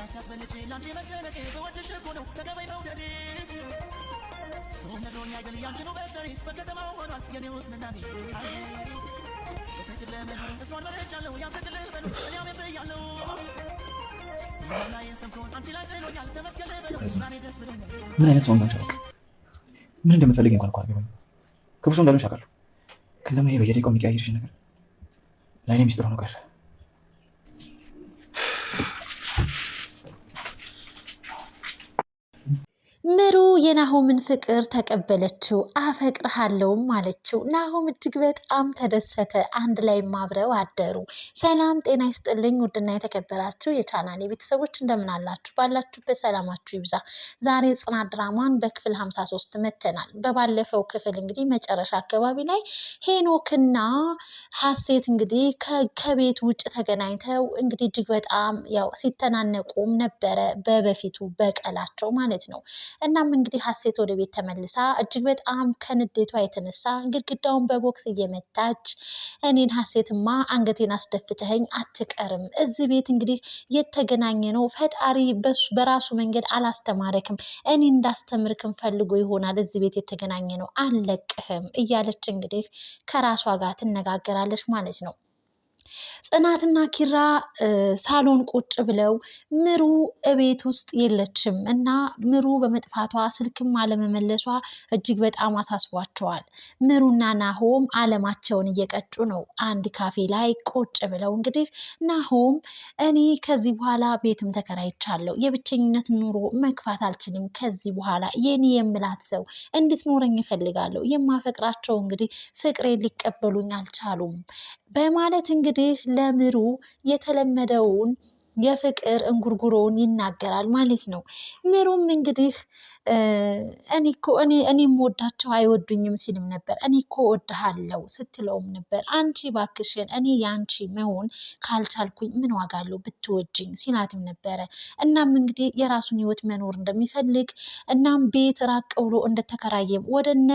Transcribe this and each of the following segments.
ከራሴ አስበልጬ ላንቺ ነው ሰው ሆኗል ምን አይነት ሰው ናቸው? ምን እንደምትፈልግ እንኳን እንኳን ቢሆን ክፉ ሰው እንዳልሆንሽ አውቃለሁ። ግን ደግሞ ይሄ በየደቂቃው የሚቀያየርሽ ነገር ለእኔ ሚስጥር ሆኖ ቀረ። ምሩ የናሆምን ፍቅር ተቀበለችው። አፈቅርሃለሁም አለችው። ናሆም እጅግ በጣም ተደሰተ። አንድ ላይም አብረው አደሩ። ሰላም ጤና ይስጥልኝ ውድና የተከበራችሁ የቻናሌ የቤተሰቦች እንደምን አላችሁ? ባላችሁበት ሰላማችሁ ይብዛ። ዛሬ ጽናት ድራማን በክፍል 53 መተናል። በባለፈው ክፍል እንግዲህ መጨረሻ አካባቢ ላይ ሄኖክና ሀሴት እንግዲህ ከቤት ውጭ ተገናኝተው እንግዲህ እጅግ በጣም ያው ሲተናነቁም ነበረ፣ በበፊቱ በቀላቸው ማለት ነው እናም እንግዲህ ሀሴት ወደ ቤት ተመልሳ እጅግ በጣም ከንዴቷ የተነሳ ግድግዳውን በቦክስ እየመታች እኔን ሀሴትማ አንገቴን አስደፍተኸኝ አትቀርም። እዚህ ቤት እንግዲህ የተገናኘ ነው። ፈጣሪ በራሱ መንገድ አላስተማረክም። እኔ እንዳስተምርክም ፈልጎ ይሆናል እዚህ ቤት የተገናኘ ነው። አለቅህም እያለች እንግዲህ ከራሷ ጋር ትነጋገራለች ማለት ነው። ጽናትና ኪራ ሳሎን ቁጭ ብለው ምሩ እቤት ውስጥ የለችም እና ምሩ በመጥፋቷ ስልክም አለመመለሷ እጅግ በጣም አሳስቧቸዋል። ምሩና ናሆም አለማቸውን እየቀጩ ነው። አንድ ካፌ ላይ ቁጭ ብለው እንግዲህ ናሆም እኔ ከዚህ በኋላ ቤትም ተከራይቻለሁ፣ የብቸኝነት ኑሮ መግፋት አልችልም። ከዚህ በኋላ የኔ የምላት ሰው እንድትኖረኝ እፈልጋለሁ። የማፈቅራቸው እንግዲህ ፍቅሬን ሊቀበሉኝ አልቻሉም። በማለት እንግዲህ ለምሩ የተለመደውን የፍቅር እንጉርጉሮውን ይናገራል ማለት ነው። ምሩም እንግዲህ እኔ እኮ እኔ እኔም ወዳቸው አይወዱኝም ሲልም ነበር። እኔ እኮ እወድሃለሁ ስትለውም ነበር። አንቺ ባክሽን እኔ የአንቺ መሆን ካልቻልኩኝ ምን ዋጋ አለው ብትወጂኝ ሲላትም ነበረ። እናም እንግዲህ የራሱን ህይወት መኖር እንደሚፈልግ እናም ቤት ራቅ ብሎ እንደተከራየም ወደነ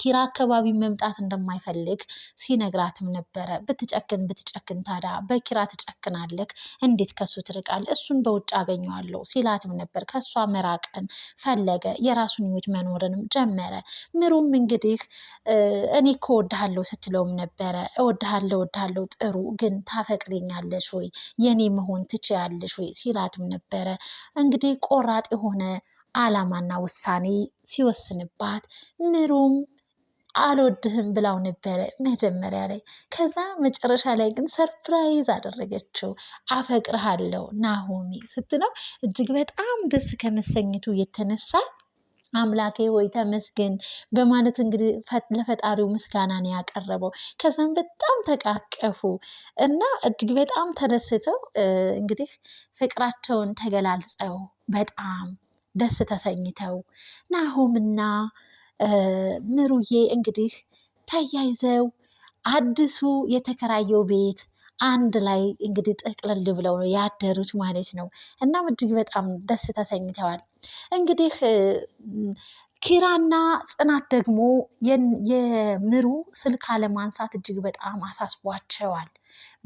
ኪራ አካባቢ መምጣት እንደማይፈልግ ሲነግራትም ነበረ። ብትጨክን ብትጨክን ታዲያ በኪራ ትጨክናለህ? እንዴት ከሱ ትርቃል? እሱን በውጭ አገኘዋለሁ ሲላትም ነበር። ከእሷ መራቅን ፈለገ። የራሱን ህይወት መኖርንም ጀመረ። ምሩም እንግዲህ እኔ እኮ እወድሃለሁ ስትለውም ነበረ። እወድሃለሁ እወድሃለሁ፣ ጥሩ ግን ታፈቅሪኛለሽ ወይ? የኔ መሆን ትችያለሽ ወይ? ሲላትም ነበረ። እንግዲህ ቆራጥ የሆነ አላማና ውሳኔ ሲወስንባት ምሩም አልወድህም ብላው ነበረ መጀመሪያ ላይ። ከዛ መጨረሻ ላይ ግን ሰርፕራይዝ አደረገችው። አፈቅርሃለው ናሆሚ ስትለው እጅግ በጣም ደስ ከመሰኘቱ የተነሳ አምላኬ ሆይ ተመስገን በማለት እንግዲህ ለፈጣሪው ምስጋና ነው ያቀረበው። ከዛም በጣም ተቃቀፉ እና እጅግ በጣም ተደስተው እንግዲህ ፍቅራቸውን ተገላልጸው በጣም ደስ ተሰኝተው ናሆምና ምሩዬ እንግዲህ ተያይዘው አዲሱ የተከራየው ቤት አንድ ላይ እንግዲህ ጥቅልል ብለው ነው ያደሩት ማለት ነው። እናም እጅግ በጣም ደስ ተሰኝተዋል። እንግዲህ ኪራና ጽናት ደግሞ የምሩ ስልክ አለማንሳት እጅግ በጣም አሳስቧቸዋል።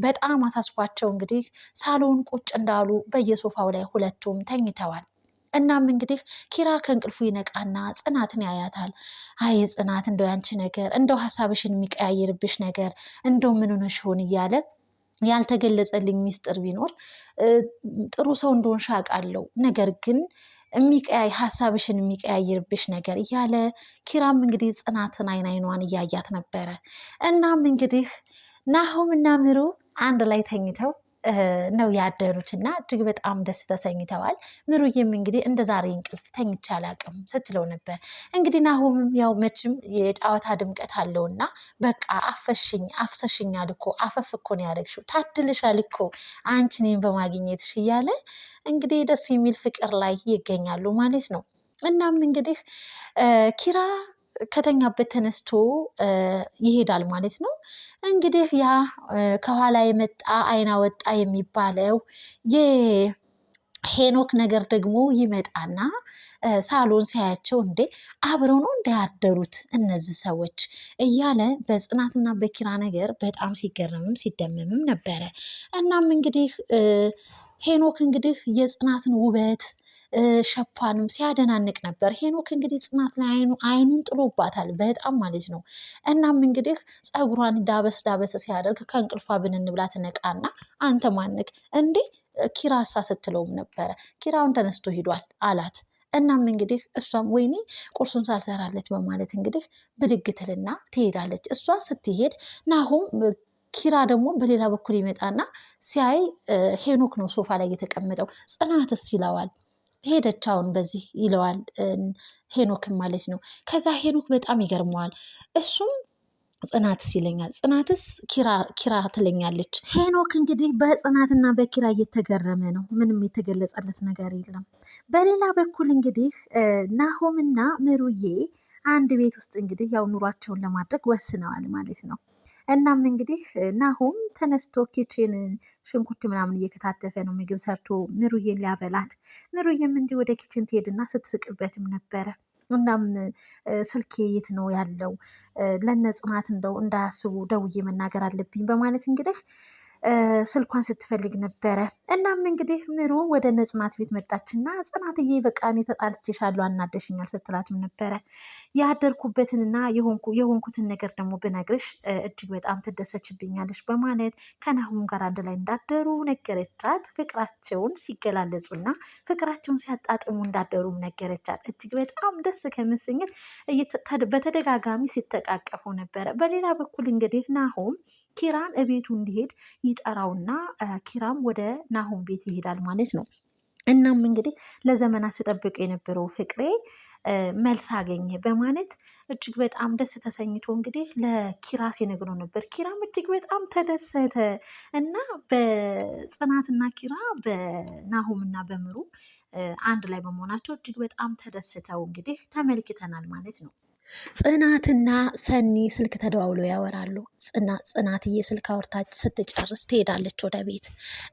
በጣም አሳስቧቸው እንግዲህ ሳሎን ቁጭ እንዳሉ በየሶፋው ላይ ሁለቱም ተኝተዋል። እናም እንግዲህ ኪራ ከእንቅልፉ ይነቃና ጽናትን ያያታል። አይ ጽናት፣ እንደው ያንቺ ነገር እንደው ሀሳብሽን የሚቀያየርብሽ ነገር እንደው ምን ሆነሽ ሆን እያለ ያልተገለጸልኝ ሚስጥር ቢኖር ጥሩ ሰው እንደሆንሽ አውቃለሁ፣ ነገር ግን የሚቀያይ ሀሳብሽን የሚቀያይርብሽ ነገር እያለ ኪራም እንግዲህ ጽናትን አይን አይኗን እያያት ነበረ። እናም እንግዲህ ናሆም እና ምሩ አንድ ላይ ተኝተው ነው ያደሩት እና እጅግ በጣም ደስ ተሰኝተዋል። ምሩዬም እንግዲህ እንደ ዛሬ እንቅልፍ ተኝቼ አላቅም ስትለው ነበር። እንግዲህ ናሆምም ያው መቼም የጨዋታ ድምቀት አለው እና በቃ አፈሽኝ አፍሰሽኛል እኮ አፈፍ እኮ ነው ያደረግሽው ታድልሻል እኮ አንቺ በማግኘትሽ እያለ እንግዲህ ደስ የሚል ፍቅር ላይ ይገኛሉ ማለት ነው። እናም እንግዲህ ኪራ ከተኛበት ተነስቶ ይሄዳል ማለት ነው። እንግዲህ ያ ከኋላ የመጣ አይና ወጣ የሚባለው የሄኖክ ነገር ደግሞ ይመጣና ሳሎን ሲያያቸው እንዴ አብረው ነው እንዳያደሩት እነዚህ ሰዎች እያለ በጽናትና በኪራ ነገር በጣም ሲገረምም ሲደመምም ነበረ። እናም እንግዲህ ሄኖክ እንግዲህ የጽናትን ውበት ሸፓንም ሲያደናንቅ ነበር። ሄኖክ እንግዲህ ጽናት ላይ አይኑን ጥሎባታል በጣም ማለት ነው። እናም እንግዲህ ጸጉሯን ዳበስ ዳበስ ሲያደርግ ከእንቅልፏ ብንን ብላ ትነቃና አንተ ማንክ እንዴ ኪራሳ ስትለውም ነበረ። ኪራውን ተነስቶ ሂዷል አላት። እናም እንግዲህ እሷም ወይኔ ቁርሱን ሳልሰራለች በማለት እንግዲህ ብድግትልና ትሄዳለች። እሷ ስትሄድ ናሁም ኪራ ደግሞ በሌላ በኩል ይመጣና ሲያይ ሄኖክ ነው ሶፋ ላይ የተቀመጠው። ጽናትስ ይለዋል። ሄደች አሁን በዚህ ይለዋል ሄኖክም ማለት ነው። ከዛ ሄኖክ በጣም ይገርመዋል። እሱም ጽናትስ ይለኛል። ጽናትስ ኪራ ትለኛለች። ሄኖክ እንግዲህ በጽናትና በኪራ እየተገረመ ነው። ምንም የተገለጸለት ነገር የለም። በሌላ በኩል እንግዲህ ናሆምና ምሩዬ አንድ ቤት ውስጥ እንግዲህ ያው ኑሯቸውን ለማድረግ ወስነዋል ማለት ነው። እናም እንግዲህ ናሁም ተነስቶ ኪችን ሽንኩርት ምናምን እየከታተፈ ነው ምግብ ሰርቶ ምሩዬን ሊያበላት። ምሩዬም እንዲህ ወደ ኪችን ትሄድና ስትስቅበትም ነበረ። እናም ስልኬ የት ነው ያለው? ለነ ጽናት እንደው እንዳያስቡ ደውዬ መናገር አለብኝ በማለት እንግዲህ ስልኳን ስትፈልግ ነበረ። እናም እንግዲህ ምሩ ወደ ነጽናት ቤት መጣችና ጽናትዬ በቃ እኔ ተጣልቼሻለሁ አናደሽኛል ስትላትም ነበረ። ያደርኩበትንና የሆንኩትን ነገር ደግሞ ብነግርሽ እጅግ በጣም ትደሰችብኛለች በማለት ከናሁም ጋር አንድ ላይ እንዳደሩ ነገረቻት። ፍቅራቸውን ሲገላለጹና ፍቅራቸውን ሲያጣጥሙ እንዳደሩም ነገረቻት። እጅግ በጣም ደስ ከመሰኘት በተደጋጋሚ ሲተቃቀፉ ነበረ። በሌላ በኩል እንግዲህ ናሁም ኪራን እቤቱ እንዲሄድ ይጠራውና ኪራም ወደ ናሆም ቤት ይሄዳል ማለት ነው። እናም እንግዲህ ለዘመናት ስጠብቅ የነበረው ፍቅሬ መልስ አገኘ በማለት እጅግ በጣም ደስ ተሰኝቶ እንግዲህ ለኪራ ሲነግረው ነበር። ኪራም እጅግ በጣም ተደሰተ እና በጽናትና ኪራ በናሆምና በምሩ አንድ ላይ በመሆናቸው እጅግ በጣም ተደስተው እንግዲህ ተመልክተናል ማለት ነው። ጽናትና ሰኒ ስልክ ተደዋውሎ ያወራሉ። ጽናትዬ ስልክ አውርታች ስትጨርስ ትሄዳለች ወደ ቤት።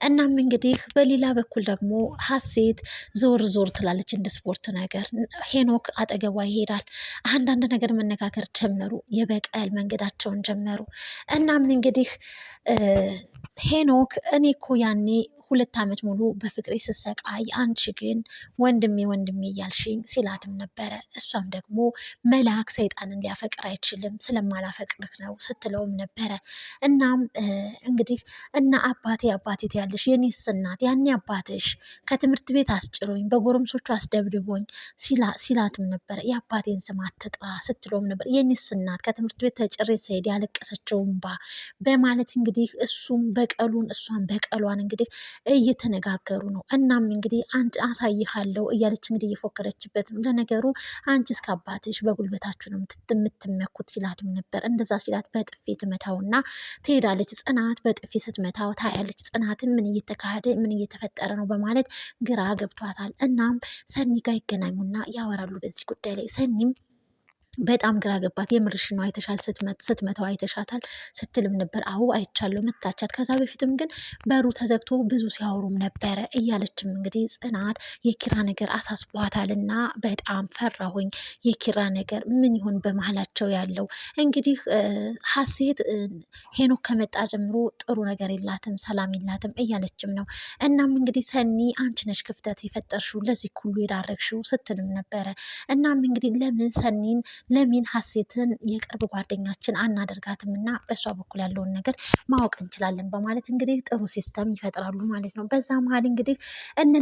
እናም እንግዲህ በሌላ በኩል ደግሞ ሀሴት ዞር ዞር ትላለች እንደ ስፖርት ነገር። ሄኖክ አጠገቧ ይሄዳል። አንዳንድ ነገር መነጋገር ጀመሩ። የበቀል መንገዳቸውን ጀመሩ። እናም እንግዲህ ሄኖክ እኔ እኮ ያኔ ሁለት ዓመት ሙሉ በፍቅሬ ስሰቃይ አንቺ ግን ወንድሜ ወንድሜ እያልሽኝ ሲላትም ነበረ። እሷም ደግሞ መልአክ ሰይጣንን ሊያፈቅር አይችልም ስለማላፈቅርህ ነው ስትለውም ነበረ። እናም እንግዲህ እና አባቴ አባቴ ያለሽ የኔስ እናት ያኔ አባትሽ ከትምህርት ቤት አስጭሮኝ በጎረምሶቹ አስደብድቦኝ ሲላትም ነበረ። የአባቴን ስም አትጥራ ስትለውም ነበር። የኔስ እናት ከትምህርት ቤት ተጭሬ ስሄድ ያለቀሰችው እምባ በማለት እንግዲህ እሱም በቀሉን እሷን በቀሏን እንግዲህ እየተነጋገሩ ነው። እናም እንግዲህ አንድ አሳይሃለው እያለች እንግዲህ እየፎከረችበት ነው። ለነገሩ አንቺ እስከ አባትሽ በጉልበታችሁ ነው የምትመኩት ይላትም ነበር። እንደዛ ሲላት በጥፊ ትመታው እና ትሄዳለች። ጽናት በጥፊ ስትመታው ታያለች። ጽናትን ምን እየተካሄደ ምን እየተፈጠረ ነው በማለት ግራ ገብቷታል። እናም ሰኒ ጋር ይገናኙና ያወራሉ በዚህ ጉዳይ ላይ ሰኒም በጣም ግራ ገባት። የምርሽ ነው አይተሻል? ስትመተው አይተሻታል? ስትልም ነበር። አዎ አይቻለሁ፣ መታቻት። ከዛ በፊትም ግን በሩ ተዘግቶ ብዙ ሲያወሩም ነበረ እያለችም እንግዲህ ጽናት የኪራ ነገር አሳስቧታል እና በጣም ፈራሁኝ። የኪራ ነገር ምን ይሆን በመሀላቸው ያለው? እንግዲህ ሀሴት ሄኖክ ከመጣ ጀምሮ ጥሩ ነገር የላትም፣ ሰላም የላትም እያለችም ነው። እናም እንግዲህ ሰኒ አንቺ ነሽ ክፍተት የፈጠርሽው ለዚህ ሁሉ የዳረግሽው ስትልም ነበረ። እናም እንግዲህ ለምን ሰኒን ለሚን ሀሴትን የቅርብ ጓደኛችን አናደርጋትም እና በእሷ በኩል ያለውን ነገር ማወቅ እንችላለን በማለት እንግዲህ ጥሩ ሲስተም ይፈጥራሉ ማለት ነው። በዛ መሀል እንግዲህ እነ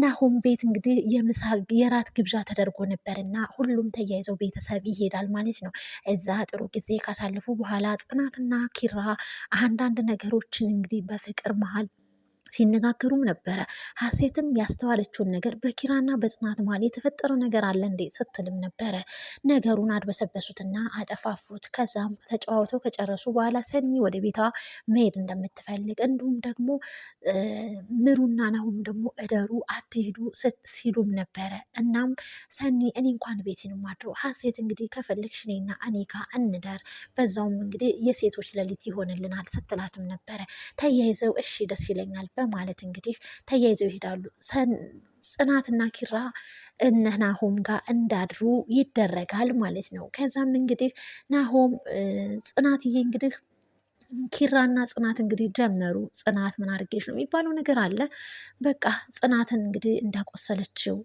ቤት እንግዲህ የምሳ የራት ግብዣ ተደርጎ ነበር እና ሁሉም ተያይዘው ቤተሰብ ይሄዳል ማለት ነው። እዛ ጥሩ ጊዜ ካሳለፉ በኋላ ጽናትና ኪራ አንዳንድ ነገሮችን እንግዲህ በፍቅር መሀል ሲነጋገሩም ነበረ። ሀሴትም ያስተዋለችውን ነገር በኪራና በጽናት መሀል የተፈጠረ ነገር አለ እንዴ ስትልም ነበረ። ነገሩን አድበሰበሱትና አጠፋፉት። ከዛም ተጨዋውተው ከጨረሱ በኋላ ሰኒ ወደ ቤቷ መሄድ እንደምትፈልግ እንዲሁም ደግሞ ምሩና ናሁም ደግሞ እደሩ አትሄዱ ሲሉም ነበረ። እናም ሰኒ እኔ እንኳን ቤቴን ማድረው ሀሴት እንግዲህ ከፈለግሽ እኔና አኔካ እንደር በዛውም እንግዲህ የሴቶች ሌሊት ይሆንልናል ስትላትም ነበረ። ተያይዘው እሺ ደስ ይለኛል በማለት እንግዲህ ተያይዘው ይሄዳሉ። ጽናትና ኪራ እነ ናሆም ጋር እንዳድሩ ይደረጋል ማለት ነው። ከዛም እንግዲህ ናሆም ጽናትዬ እንግዲህ ኪራና ጽናት እንግዲህ ጀመሩ። ጽናት ምን አድርጌሽ ነው የሚባለው ነገር አለ። በቃ ጽናትን እንግዲህ እንዳቆሰለችው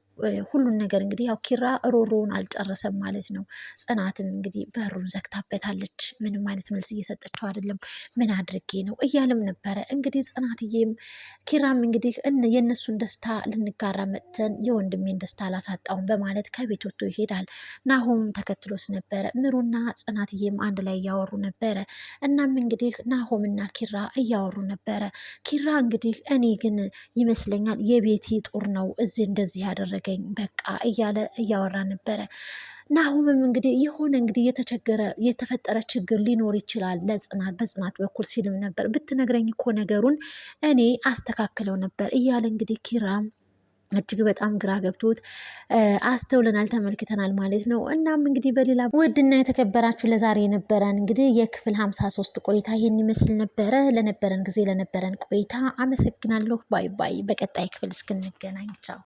ሁሉን ነገር እንግዲህ ያው ኪራ ሮሮውን አልጨረሰም ማለት ነው። ጽናትም እንግዲህ በሩን ዘግታበታለች። ምንም አይነት መልስ እየሰጠችው አይደለም። ምን አድርጌ ነው እያለም ነበረ እንግዲህ ጽናትዬም ኪራም እንግዲህ የእነሱን ደስታ ልንጋራ መጥተን የወንድሜን ደስታ አላሳጣውን በማለት ከቤት ወጥቶ ይሄዳል። ናሆም ተከትሎስ ነበረ። ምሩና ጽናትዬም አንድ ላይ እያወሩ ነበረ። እናም እንግዲህ ናሆምና ኪራ እያወሩ ነበረ። ኪራ እንግዲህ እኔ ግን ይመስለኛል የቤቲ ጦር ነው እዚህ እንደዚህ ያደረገ አድርገኝ በቃ እያለ እያወራ ነበረ። ናሁምም እንግዲህ የሆነ እንግዲህ የተቸገረ የተፈጠረ ችግር ሊኖር ይችላል ለጽናት በጽናት በኩል ሲልም ነበር። ብትነግረኝ እኮ ነገሩን እኔ አስተካክለው ነበር እያለ እንግዲህ ኪራም እጅግ በጣም ግራ ገብቶት አስተውለናል፣ ተመልክተናል ማለት ነው። እናም እንግዲህ በሌላ ውድና የተከበራችሁ ለዛሬ የነበረን እንግዲህ የክፍል ሀምሳ ሶስት ቆይታ ይህን ይመስል ነበረ። ለነበረን ጊዜ ለነበረን ቆይታ አመሰግናለሁ። ባይ ባይ። በቀጣይ ክፍል እስክንገናኝ ቻው።